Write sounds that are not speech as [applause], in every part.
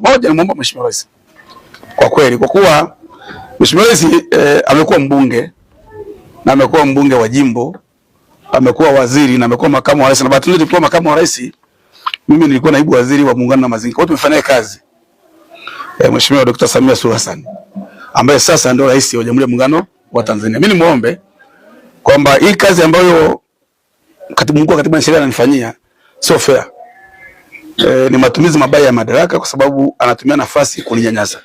Moja, ni mwomba Mheshimiwa Rais kwa kweli, kwa kuwa Mheshimiwa Rais eh, amekuwa mbunge na amekuwa mbunge wa jimbo, amekuwa waziri na amekuwa makamu wa rais, na bahati nzuri tulikuwa makamu wa rais, mimi nilikuwa naibu waziri wa muungano na mazingira, wote tumefanya kazi eh, Mheshimiwa Dr. Samia Suluhu Hassan ambaye sasa ndio rais wa Jamhuri ya Muungano wa Tanzania. Mimi nimuombe kwamba hii kazi ambayo katibu mkuu wa katiba na sheria ananifanyia sio fair e, ni matumizi mabaya ya madaraka kwa sababu anatumia nafasi kuninyanyasa.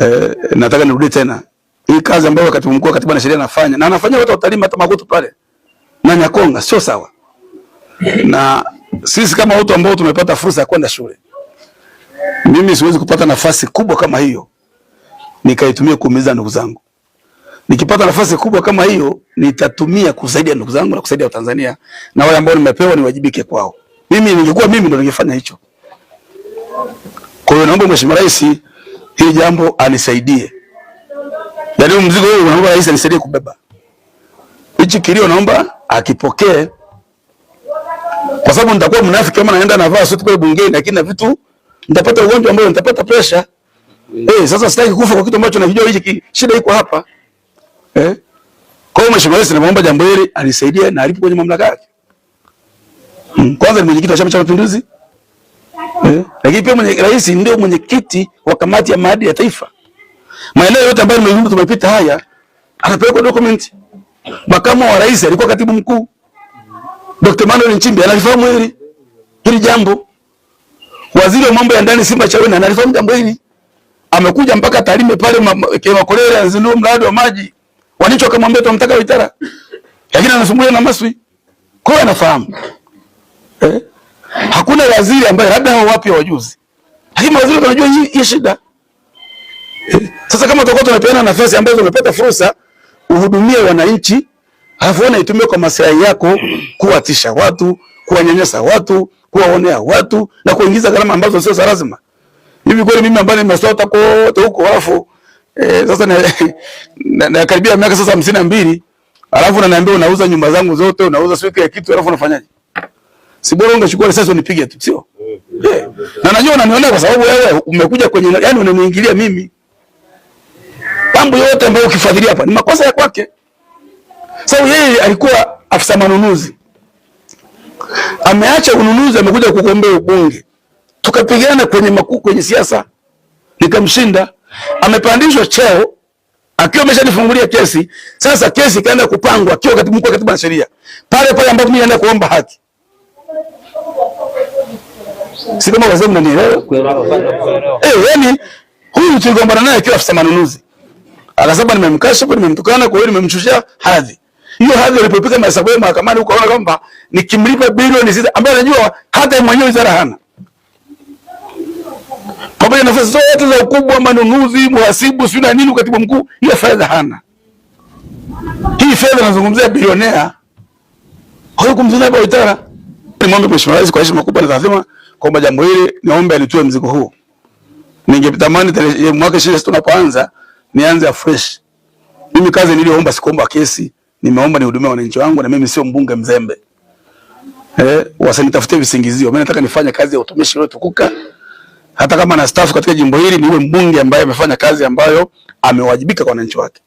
E, nataka nirudi tena hii kazi ambayo katibu mkuu katibu na sheria anafanya na anafanya watu watalima hata magutu pale na Nyakonga, sio sawa. Na sisi kama watu ambao tumepata fursa ya kwenda shule, mimi siwezi kupata nafasi kubwa kama hiyo nikaitumia kuumiza ndugu zangu. Nikipata nafasi kubwa kama hiyo nitatumia kusaidia ndugu zangu na kusaidia Watanzania na wale ambao nimepewa niwajibike kwao. Mimi ningekuwa mimi ndo ningefanya hicho. Kwa hiyo naomba Mheshimiwa Rais hili jambo anisaidie. Yaani mzigo huu naomba Rais anisaidie kubeba. Hichi kilio naomba akipokee. Kwa sababu nitakuwa mnafiki kama naenda navaa suti pale bungeni lakini na vitu nitapata ugonjwa ambao nitapata pressure. mm. Eh, sasa sitaki kufa kwa kitu ambacho najua hichi shida iko hapa. Eh? Kwa hiyo Mheshimiwa Rais naomba jambo hili anisaidie na alipo kwenye mamlaka yake. Kwanza ni mwenyekiti wa Chama cha Mapinduzi eh? lakini pia mwenye rais ndio mwenyekiti wa kamati ya maadili ya taifa. Maeneo yote ambayo nimezungumza tumepita haya anapelekwa document. Makamu wa rais alikuwa katibu mkuu Dr. Manuel Nchimbi analifahamu hili hili jambo. Waziri wa mambo ya ndani Simba Chaweni analifahamu jambo hili. Amekuja mpaka Tarime pale Makolele anazindua mradi wa maji. Wanicho akamwambia tumtaka Waitara. Lakini anasumbuliwa na Maswi. Kwa anafahamu. Eh? Hakuna waziri ambaye labda hao wapi wajuzi, lakini waziri anajua hii hii shida eh? Sasa kama tutakuwa tunapeana nafasi ambazo umepata fursa uhudumie wananchi, alafu wana itumie kwa maslahi yako, kuwatisha watu, kuwanyanyasa watu, kuwaonea watu na kuingiza gharama ambazo sio za lazima. Hivi kweli mimi ambaye nimesota kote huko alafu eh, sasa na, [laughs] na, na karibia miaka sasa hamsini na mbili alafu unaniambia unauza nyumba zangu zote, unauza swiki ya kitu alafu unafanyaje? si bora ungechukua risasi unipige tu, sio? Eh. Na najua unanionea kwa sababu wewe umekuja kwenye yani unaniingilia mimi. Mambo yote ambayo ukifuatilia hapa ni makosa ya kwake. Sababu so, yeye alikuwa afisa manunuzi. Ameacha ununuzi amekuja kugombea ubunge. Tukapigana kwenye makuu kwenye siasa. Nikamshinda. Amepandishwa cheo akiwa ameshanifungulia kesi. Sasa kesi ikaenda kupangwa akiwa katibu mkuu wa katiba na sheria. Pale pale ambapo mimi naenda kuomba haki. Si kama wazee mnanielewa? Eh, yani huyu tuligombana naye akiwa afisa manunuzi. Akasema nimemkasha nimemkashifu, nimemtukana, kwa hiyo nimemchushia hadhi. Hiyo hadhi alipopika mahesabu yake mahakamani huko, ukaona kwamba nikimlipa bilioni sita ambaye anajua hata mwenyewe wizara hana. Pamoja na nafasi zote za ukubwa, manunuzi, muhasibu, sio na nini, katibu mkuu, hiyo fedha hana. Hii fedha nazungumzia bilionea. Kwa hiyo kumzungumzia Waitara, nimwombe Mheshimiwa Rais kwa heshima kubwa na taadhima kwamba jambo hili niombe alitue mzigo huu. Ningetamani mwaka 26 tunapoanza nianze afresh. Mimi kazi niliyoomba sikuomba kesi, nimeomba nihudumie wananchi wangu na mimi sio mbunge mzembe. Eh, wasinitafutie visingizio. Mimi nataka nifanye kazi ya utumishi uliotukuka. Hata kama na staff katika jimbo hili niwe mbunge ambaye amefanya kazi ambayo amewajibika kwa wananchi wake.